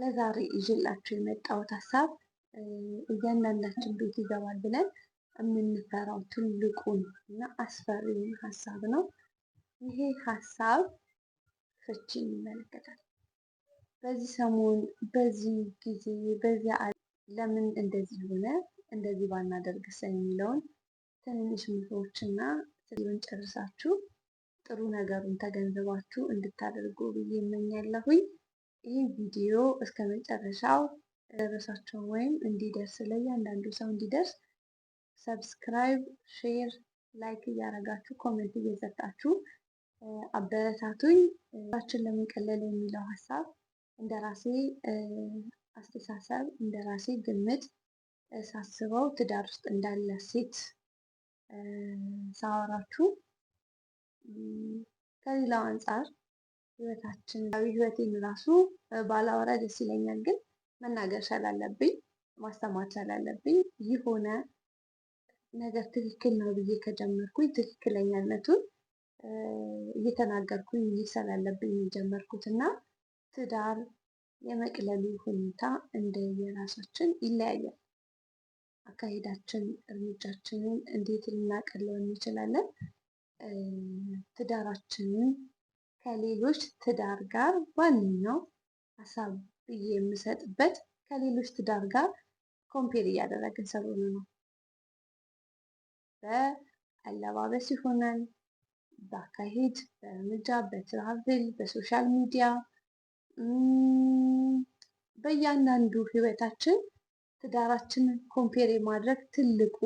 ለዛሬ ይዤላችሁ የመጣሁት ሀሳብ እያንዳንዳችን ቤት ይገባል ብለን የምንፈራው ትልቁን እና አስፈሪውን ሀሳብ ነው። ይሄ ሀሳብ ፍቺን ይመለከታል። በዚህ ሰሞን፣ በዚህ ጊዜ፣ በዚያ ለምን እንደዚህ ሆነ፣ እንደዚህ ባናደርግስ የሚለውን ትንንሽ ምክሮች እና ጨርሳችሁ ጥሩ ነገሩን ተገንዝባችሁ እንድታደርጉ ብዬ እመኛለሁኝ። ይህ ቪዲዮ እስከ መጨረሻው ደረሳቸው ወይም እንዲደርስ ለእያንዳንዱ ሰው እንዲደርስ ሰብስክራይብ፣ ሼር፣ ላይክ እያደረጋችሁ ኮሜንት እየሰጣችሁ አበረታቱኝ። ራችን ለመቀለል የሚለው ሀሳብ እንደ ራሴ አስተሳሰብ እንደ ራሴ ግምት ሳስበው ትዳር ውስጥ እንዳለ ሴት ሳወራችሁ ከሌላው አንጻር ህይወታችን ህይወቴን ራሱ ባላወራ ደስ ይለኛል፣ ግን መናገር ስላለብኝ ማስተማር ስላለብኝ የሆነ ነገር ትክክል ነው ብዬ ከጀመርኩኝ ትክክለኛነቱን እየተናገርኩኝ ይህ የጀመርኩት እና ትዳር የመቅለሉ ሁኔታ እንደ የራሳችን ይለያያል። አካሄዳችን፣ እርምጃችንን እንዴት ልናቀለው እንችላለን? ትዳራችንን ከሌሎች ትዳር ጋር ዋነኛው ሀሳብ ብዬ የምሰጥበት ከሌሎች ትዳር ጋር ኮምፔር እያደረግን ስለሆነ ነው። በአለባበስ ይሆናል፣ በአካሄድ፣ በእርምጃ፣ በትራቭል፣ በሶሻል ሚዲያ፣ በእያንዳንዱ ህይወታችን ትዳራችንን ኮምፔር የማድረግ ትልቁ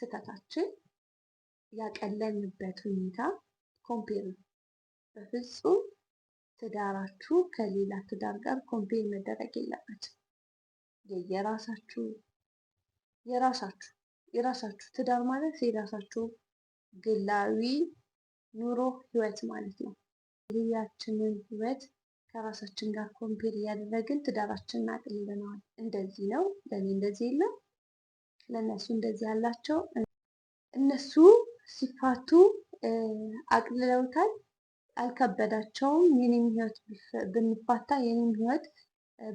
ስህተታችን ያቀለንበት ሁኔታ ኮምፔር ነው። በፍጹም ትዳራችሁ ከሌላ ትዳር ጋር ኮምፔር መደረግ የለበትም። የየራሳችሁ የራሳችሁ የራሳችሁ ትዳር ማለት የራሳችሁ ግላዊ ኑሮ ህይወት ማለት ነው። ያችንን ህይወት ከራሳችን ጋር ኮምፔር እያደረግን ትዳራችንን አቅልለነዋል። እንደዚህ ነው፣ ለእኔ እንደዚህ የለም፣ ለእነሱ እንደዚህ ያላቸው እነሱ ሲፋቱ አቅልለውታል። አልከበዳቸውም። የኔም ህይወት ብንፋታ የኔም ህይወት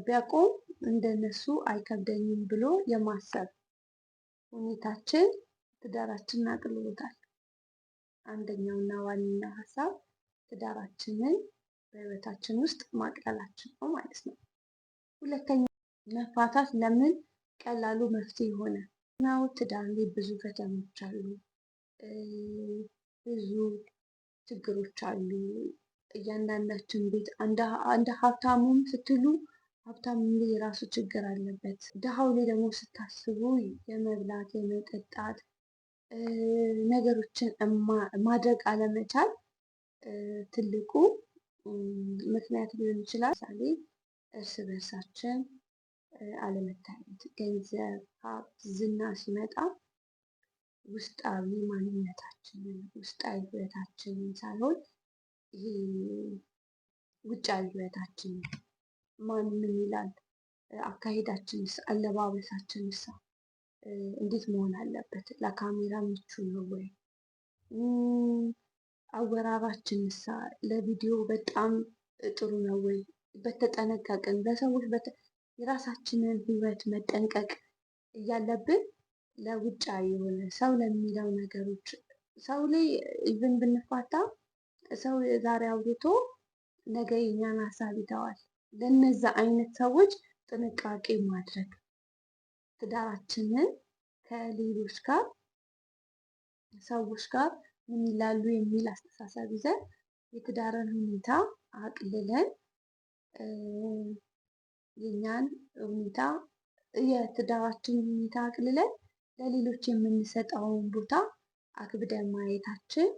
ቢያቆም እንደነሱ አይከብደኝም ብሎ የማሰብ ሁኔታችን ትዳራችንን አቅልሎታል። አንደኛውና ዋነኛው ሀሳብ ትዳራችንን በህይወታችን ውስጥ ማቅለላችን ነው ማለት ነው። ሁለተኛ መፋታት ለምን ቀላሉ መፍትሄ የሆነ ነው? ትዳር ላይ ብዙ ፈተናዎች አሉ። ብዙ ችግሮች አሉ። እያንዳንዳችን ቤት እንደ ሀብታሙም ስትሉ ሀብታም የራሱ ችግር አለበት። ድሃው ላይ ደግሞ ስታስቡ የመብላት የመጠጣት ነገሮችን ማድረግ አለመቻል ትልቁ ምክንያት ሊሆን ይችላል። ምሳሌ እርስ በርሳችን አለመታየት፣ ገንዘብ፣ ሀብት፣ ዝና ሲመጣ ውስጣዊ ማንነታችንን ውስጣዊ ህይወታችንን ሳይሆን ይሄ ውጫዊ ህይወታችንን ማን ምን ይላል፣ አካሄዳችንስ፣ አለባበሳችንስ እንዴት መሆን አለበት? ለካሜራ ምቹ ነው ወይ? አወራራችንስ ለቪዲዮ በጣም ጥሩ ነው ወይ? በተጠነቀቅን በሰዎች የራሳችንን ህይወት መጠንቀቅ እያለብን ለውጫዊ የሆነ ሰው ለሚለው ነገሮች ሰው ላይ ኢቭን ብንፋታ ሰው ዛሬ አውርቶ ነገ የኛን ሀሳብ ይተዋል። ለነዛ አይነት ሰዎች ጥንቃቄ ማድረግ ትዳራችንን ከሌሎች ጋር ሰዎች ጋር ምን ይላሉ የሚል አስተሳሰብ ይዘን የትዳርን ሁኔታ አቅልለን የእኛን ሁኔታ የትዳራችን ሁኔታ አቅልለን ለሌሎች የምንሰጠውን ቦታ አክብደን ማየታችን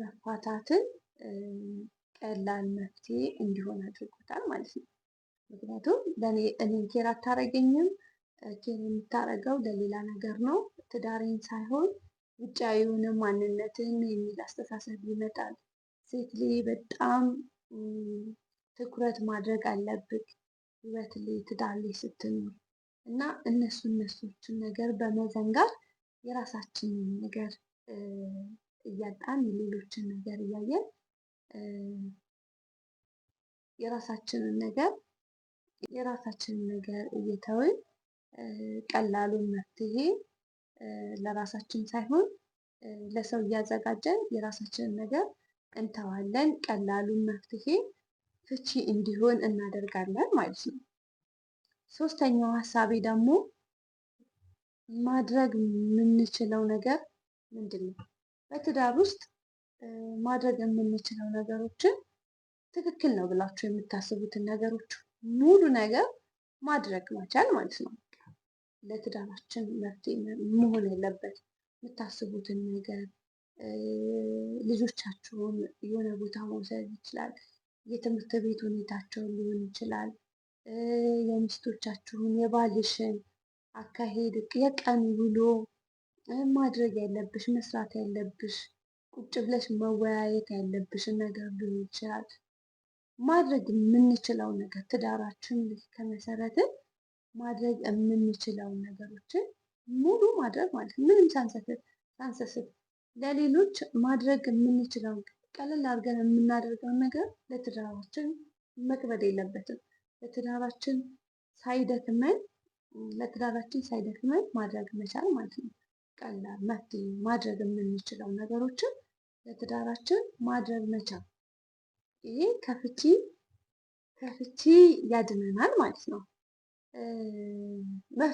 መፋታትን ቀላል መፍትሄ እንዲሆን አድርጎታል ማለት ነው። ምክንያቱም እኔን ኬር አታረገኝም፣ ኬር የምታረገው ለሌላ ነገር ነው፣ ትዳሬን ሳይሆን ውጫዊውን ማንነትን የሚል አስተሳሰብ ይመጣል። ሴት ላይ በጣም ትኩረት ማድረግ አለብህ ውበት ላይ ትዳር ላይ ስትኖር እና እነሱ እነሱችን ነገር በመዘንጋት የራሳችንን ነገር እያጣን የሌሎችን ነገር እያየን የራሳችንን ነገር የራሳችንን ነገር እየተውን ቀላሉን መፍትሄ ለራሳችን ሳይሆን ለሰው እያዘጋጀን የራሳችንን ነገር እንተዋለን። ቀላሉን መፍትሄ ፍቺ እንዲሆን እናደርጋለን ማለት ነው። ሶስተኛው ሀሳቤ ደግሞ ማድረግ የምንችለው ነገር ምንድን ነው? በትዳር ውስጥ ማድረግ የምንችለው ነገሮችን ትክክል ነው ብላችሁ የምታስቡትን ነገሮች ሙሉ ነገር ማድረግ መቻል ማለት ነው። ለትዳራችን መፍትሄ መሆን ያለበት የምታስቡትን ነገር ልጆቻችሁን የሆነ ቦታ መውሰድ ይችላል። የትምህርት ቤት ሁኔታቸውን ሊሆን ይችላል። የሚስቶቻችሁን የባልሽን አካሄድ የቀን ውሎ ማድረግ ያለብሽ መስራት ያለብሽ ቁጭ ብለሽ መወያየት ያለብሽን ነገር ሊሆን ይችላል። ማድረግ የምንችለው ነገር ትዳራችን ከመሰረትን ማድረግ የምንችለውን ነገሮችን ሙሉ ማድረግ ማለት ምንም ሳንሰስብ ለሌሎች ማድረግ የምንችለውን ቀለል አድርገን የምናደርገው ነገር ለትዳራችን መክበድ የለበትም። ለትዳራችን ሳይደክመን ለትዳራችን ሳይደክመን ማድረግ መቻል ማለት ነው። ቀላል መፍትሄ ማድረግ የምንችለው ነገሮችን ለትዳራችን ማድረግ መቻል ይሄ ከፍቺ ከፍቺ ያድነናል ማለት ነው።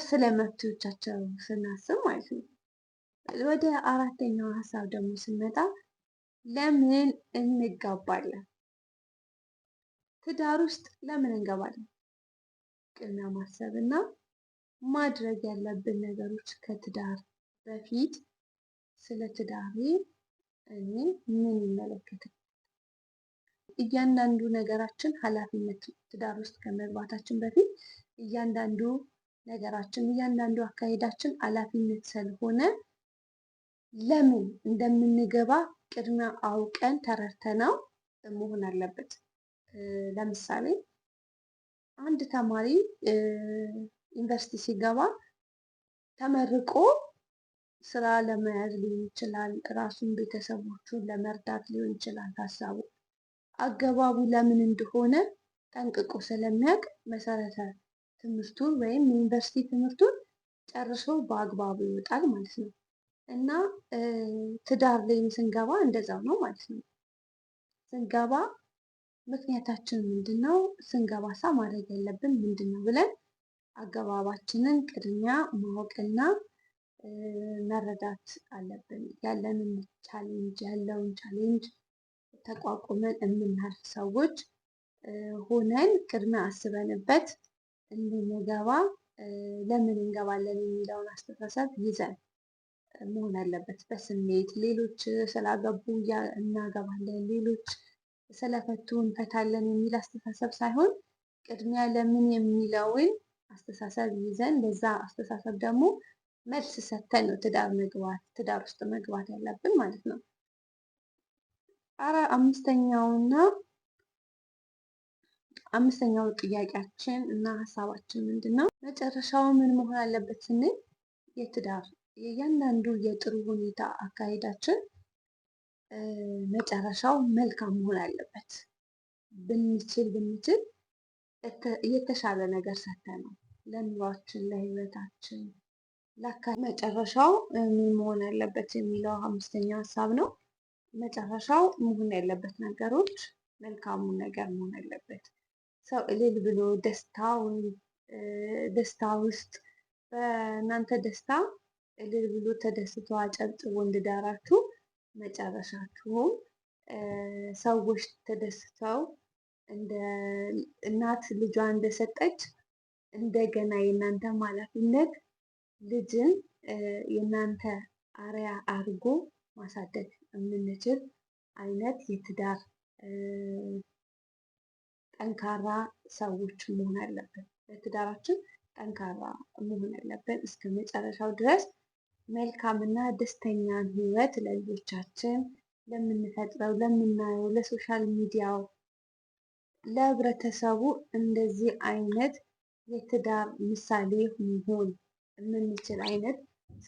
ስለ መፍትሄዎቻቸው ስናስብ ማለት ነው። ወደ አራተኛው ሀሳብ ደግሞ ስንመጣ ለምን እንጋባለን? ትዳር ውስጥ ለምን እንገባለን? ቅድሚያ ማሰብ እና ማድረግ ያለብን ነገሮች ከትዳር በፊት ስለ ትዳሬ እኔ ምን ይመለከታል? እያንዳንዱ ነገራችን ኃላፊነት ትዳር ውስጥ ከመግባታችን በፊት እያንዳንዱ ነገራችን እያንዳንዱ አካሄዳችን ኃላፊነት ስለሆነ ለምን እንደምንገባ ቅድሚያ አውቀን ተረድተነው መሆን አለበት። ለምሳሌ አንድ ተማሪ ዩኒቨርሲቲ ሲገባ ተመርቆ ስራ ለመያዝ ሊሆን ይችላል። ራሱን ቤተሰቦቹን ለመርዳት ሊሆን ይችላል። ሀሳቡ አገባቡ ለምን እንደሆነ ጠንቅቆ ስለሚያውቅ መሰረተ ትምህርቱን ወይም ዩኒቨርሲቲ ትምህርቱን ጨርሶ በአግባቡ ይወጣል ማለት ነው እና ትዳር ላይም ስንገባ እንደዛው ነው ማለት ነው። ስንገባ ምክንያታችን ምንድን ነው? ስንገባሳ ማድረግ ያለብን ምንድን ነው ብለን አገባባችንን ቅድሚያ ማወቅና መረዳት አለብን። ያለንን ቻሌንጅ ያለውን ቻሌንጅ ተቋቁመን የምናልፍ ሰዎች ሆነን ቅድሚያ አስበንበት እንድንገባ ለምን እንገባለን የሚለውን አስተሳሰብ ይዘን መሆን አለበት። በስሜት ሌሎች ስላገቡ እናገባለን ሌሎች ስለፈቱ እንፈታለን የሚል አስተሳሰብ ሳይሆን ቅድሚያ ለምን የሚለውን አስተሳሰብ ይዘን በዛ አስተሳሰብ ደግሞ መልስ ሰተን ነው ትዳር መግባት ትዳር ውስጥ መግባት ያለብን ማለት ነው። አምስተኛውና አምስተኛው ጥያቄያችን እና ሀሳባችን ምንድን ነው? መጨረሻው ምን መሆን አለበት ስንል የትዳር የእያንዳንዱ የጥሩ ሁኔታ አካሄዳችን መጨረሻው መልካም መሆን አለበት። ብንችል ብንችል የተሻለ ነገር ሰተ ነው ለኑሯችን፣ ለህይወታችን፣ ላካ መጨረሻው ምን መሆን አለበት የሚለው አምስተኛው ሀሳብ ነው። መጨረሻው መሆን ያለበት ነገሮች መልካሙ ነገር መሆን አለበት። ሰው እልል ብሎ ደስታ ውስጥ በእናንተ ደስታ እልል ብሎ ተደስቶ አጨብጭቦ እንድዳራችሁ መጨረሻችሁም ሰዎች ተደስተው እንደ እናት ልጇ እንደሰጠች እንደገና የእናንተም ኃላፊነት ልጅን የእናንተ አርያ አድርጎ ማሳደግ የምንችል አይነት የትዳር ጠንካራ ሰዎች መሆን አለብን። የትዳራችን ጠንካራ መሆን አለብን እስከ መጨረሻው ድረስ መልካምና ደስተኛን ህይወት ለልጆቻችን ለምንፈጥረው ለምናየው ለሶሻል ሚዲያው ለህብረተሰቡ እንደዚህ አይነት የትዳር ምሳሌ መሆን የምንችል አይነት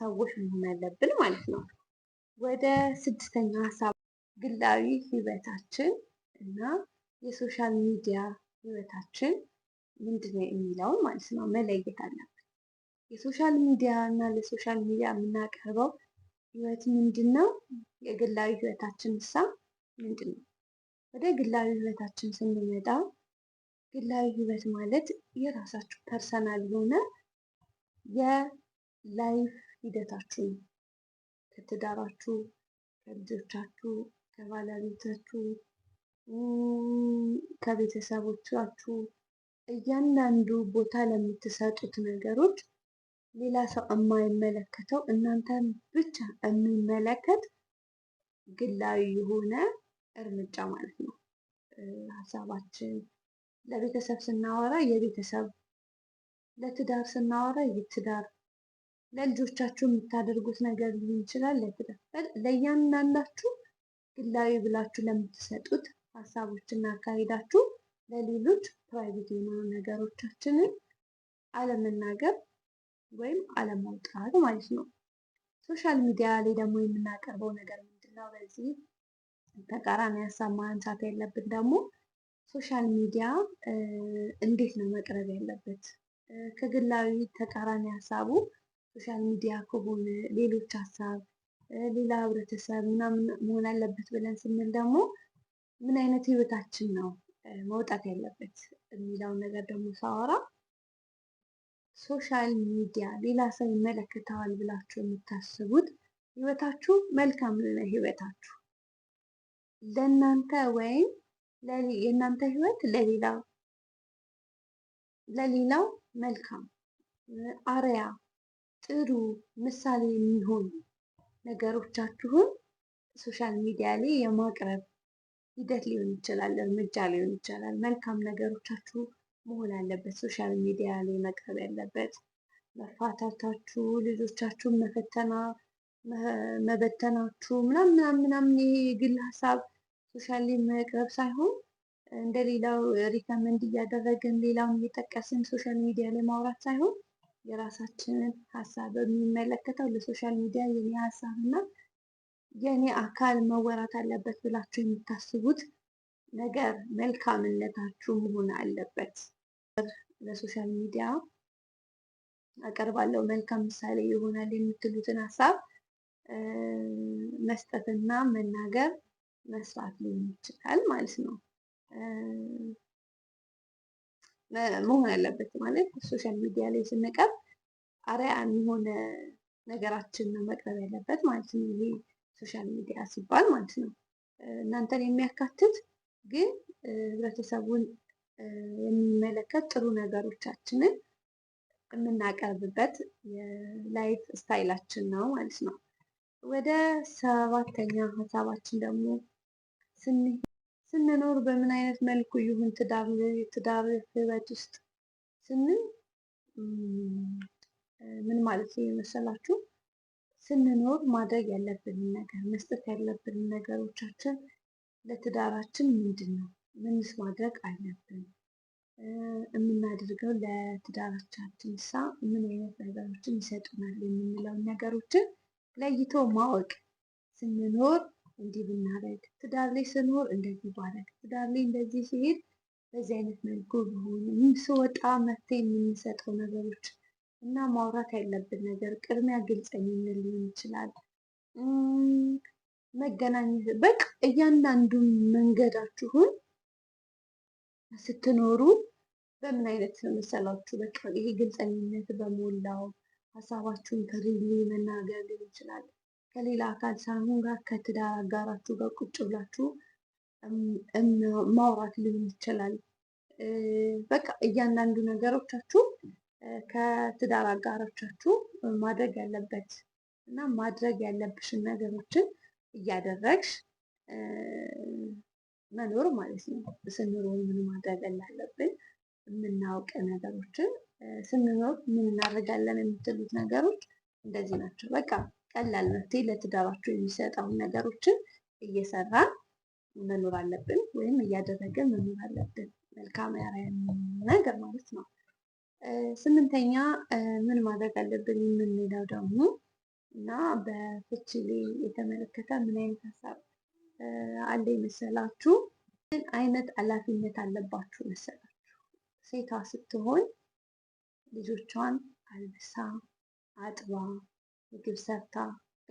ሰዎች መሆን አለብን ማለት ነው። ወደ ስድስተኛ ሀሳብ ግላዊ ህይወታችን እና የሶሻል ሚዲያ ህይወታችን ምንድነው የሚለውን ማለት ነው መለየት አለብን። የሶሻል ሚዲያ እና ለሶሻል ሚዲያ የምናቀርበው ህይወት ምንድን ነው? የግላዊ ህይወታችን እሳ ምንድን ነው? ወደ ግላዊ ህይወታችን ስንመጣ ግላዊ ህይወት ማለት የራሳችሁ ፐርሰናል የሆነ የላይፍ ሂደታችሁ ነው። ከትዳራችሁ፣ ከልጆቻችሁ፣ ከባለቤታችሁ፣ ከቤተሰቦቻችሁ እያንዳንዱ ቦታ ለምትሰጡት ነገሮች ሌላ ሰው የማይመለከተው እናንተን ብቻ የሚመለከት ግላዊ የሆነ እርምጃ ማለት ነው። ሀሳባችን ለቤተሰብ ስናወራ የቤተሰብ፣ ለትዳር ስናወራ የትዳር፣ ለልጆቻችሁ የምታደርጉት ነገር ሊሆን ይችላል። ለትዳር ለእያንዳንዳችሁ ግላዊ ብላችሁ ለምትሰጡት ሀሳቦችና አካሄዳችሁ ለሌሎች ፕራይቬት የሆኑ ነገሮቻችንን አለመናገር ወይም አለማውጣት ማለት ነው። ሶሻል ሚዲያ ላይ ደግሞ የምናቀርበው ነገር ምንድን ነው? በዚህ ተቃራኒ ሀሳብ ማንሳት ያለብን ደግሞ ሶሻል ሚዲያ እንዴት ነው መቅረብ ያለበት? ከግላዊ ተቃራኒ ሀሳቡ ሶሻል ሚዲያ ከሆነ ሌሎች ሀሳብ ሌላ ህብረተሰብ ምናምን መሆን አለበት ብለን ስንል ደግሞ ምን አይነት ህይወታችን ነው መውጣት ያለበት የሚለውን ነገር ደግሞ ሳወራ ሶሻል ሚዲያ ሌላ ሰው ይመለከተዋል ብላችሁ የምታስቡት ህይወታችሁ መልካም ለሆነ ህይወታችሁ ለእናንተ ወይም የእናንተ ህይወት ለሌላ ለሌላው መልካም አርያ ጥሩ ምሳሌ የሚሆኑ ነገሮቻችሁን ሶሻል ሚዲያ ላይ የማቅረብ ሂደት ሊሆን ይችላል፣ እርምጃ ሊሆን ይችላል። መልካም ነገሮቻችሁ መሆን አለበት። ሶሻል ሚዲያ ላይ መቅረብ ያለበት መፋታታችሁ፣ ልጆቻችሁን መፈተና መበተናችሁ ምናምን ምናምን ምናምን ይሄ የግል ሀሳብ ሶሻል ላይ መቅረብ ሳይሆን እንደሌላው ሪከመንድ እያደረግን ሌላውን እየጠቀስን ሶሻል ሚዲያ ላይ ማውራት ሳይሆን የራሳችንን ሀሳብ የሚመለከተው ለሶሻል ሚዲያ የኔ ሀሳብ እና የኔ አካል መወራት አለበት ብላችሁ የምታስቡት ነገር መልካምነታችሁ መሆን አለበት። ለሶሻል ሚዲያ አቀርባለሁ። መልካም ምሳሌ ይሆናል የምትሉትን ሀሳብ መስጠትና መናገር መስራት ሊሆን ይችላል ማለት ነው። መሆን አለበት ማለት ሶሻል ሚዲያ ላይ ስንቀርብ አርአያ የሆነ ነገራችን ነው መቅረብ ያለበት ማለት ነው። ይሄ ሶሻል ሚዲያ ሲባል ማለት ነው እናንተን የሚያካትት ግን ህብረተሰቡን የሚመለከት ጥሩ ነገሮቻችንን የምናቀርብበት የላይፍ ስታይላችን ነው ማለት ነው። ወደ ሰባተኛ ሀሳባችን ደግሞ ስንኖር በምን አይነት መልኩ ይሁን ትዳር ትዳር ህይወት ውስጥ ስንል ምን ማለት ነው የመሰላችሁ ስንኖር ማድረግ ያለብንን ነገር መስጠት ያለብንን ነገሮቻችን ለትዳራችን ምንድን ነው ምንስ ማድረግ አለብን? የምናደርገው ለትዳራቻችን ሳ ምን አይነት ነገሮችን ይሰጡናል? የምንለውን ነገሮችን ለይቶ ማወቅ ስንኖር እንዲህ ብናደርግ ትዳር ላይ ስኖር እንደዚህ ባደርግ ትዳር ላይ እንደዚህ ሲሄድ በዚህ አይነት መልኩ ቢሆን ስወጣ መፍትሄ የምንሰጠው ነገሮች እና ማውራት ያለብን ነገር ቅድሚያ ግልፀኝነት ሊሆን ይችላል። መገናኘት በቃ እያንዳንዱን መንገዳችሁን ስትኖሩ በምን አይነት መሰላችሁ? በቃ ይሄ ግልፀኝነት በሞላው ሀሳባችሁን ከሪሊ መናገር ሊሆን ይችላል። ከሌላ አካል ሳይሆን ጋር ከትዳር አጋራችሁ ጋር ቁጭ ብላችሁ ማውራት ሊሆን ይችላል። በቃ እያንዳንዱ ነገሮቻችሁ ከትዳር አጋሮቻችሁ ማድረግ ያለበት እና ማድረግ ያለብሽን ነገሮችን እያደረግሽ መኖር ማለት ነው። ስንኖር ምን ማድረግ እንዳለብን የምናውቅ ነገሮችን ስንኖር ምን እናደርጋለን የምትሉት ነገሮች እንደዚህ ናቸው። በቃ ቀላል መፍትሄ ለትዳራቸው የሚሰጠውን ነገሮችን እየሰራን መኖር አለብን፣ ወይም እያደረገ መኖር አለብን። መልካም ያራያን ነገር ማለት ነው። ስምንተኛ ምን ማድረግ አለብን የምንለው ደግሞ እና በፍቺ ላይ የተመለከተ ምን አይነት ሀሳብ አለ ይመስላችሁ? ምን አይነት ኃላፊነት አለባችሁ መሰላችሁ? ሴቷ ስትሆን ልጆቿን አልብሳ አጥባ ምግብ ሰርታ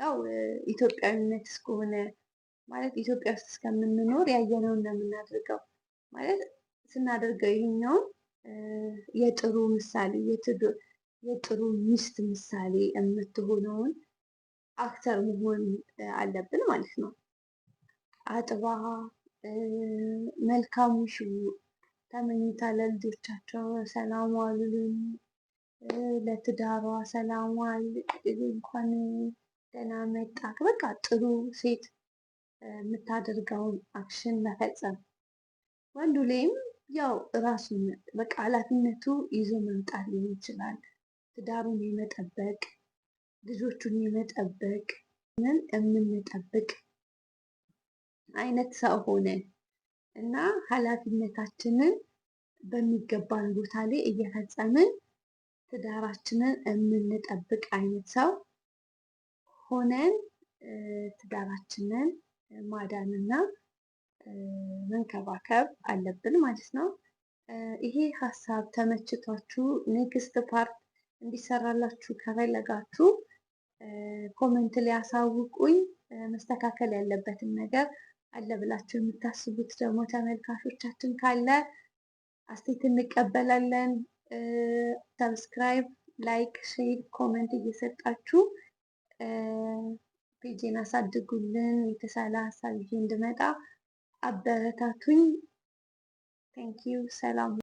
ያው ኢትዮጵያዊነት እስከሆነ ማለት ኢትዮጵያ ውስጥ እስከምንኖር ያየነውን ነው የምናደርገው። ማለት ስናደርገው ይህኛውን የጥሩ ምሳሌ የጥሩ ሚስት ምሳሌ የምትሆነውን አክተር መሆን አለብን ማለት ነው። አጥባ መልካም ዊሽ ተመኝታ ለልጆቻቸው ሰላም ዋሉልኝ፣ ለትዳሯ ሰላም ዋል፣ እንኳን ደህና መጣክ፣ በቃ ጥሩ ሴት የምታደርገውን አክሽን መፈጸም። ወንዱ ላይም ያው ራሱን በቃ ኃላፊነቱ ይዞ መምጣት ሊሆን ይችላል። ትዳሩን የመጠበቅ ልጆቹን የመጠበቅ ምን የምንጠብቅ አይነት ሰው ሆነን እና ኃላፊነታችንን በሚገባን ቦታ ላይ እየፈጸምን ትዳራችንን የምንጠብቅ አይነት ሰው ሆነን ትዳራችንን ማዳንና መንከባከብ አለብን ማለት ነው። ይሄ ሀሳብ ተመችቷችሁ ኔክስት ፓርት እንዲሰራላችሁ ከፈለጋችሁ ኮመንት ሊያሳውቁኝ መስተካከል ያለበትን ነገር አለ ብላችሁ የምታስቡት ደግሞ ተመልካቾቻችን ካለ አስቴት እንቀበላለን። ሰብስክራይብ፣ ላይክ፣ ሼር፣ ኮመንት እየሰጣችሁ ፔጅን አሳድጉልን። የተሻለ ሀሳብ ይዤ እንድመጣ አበረታቱኝ። ቴንኪዩ። ሰላም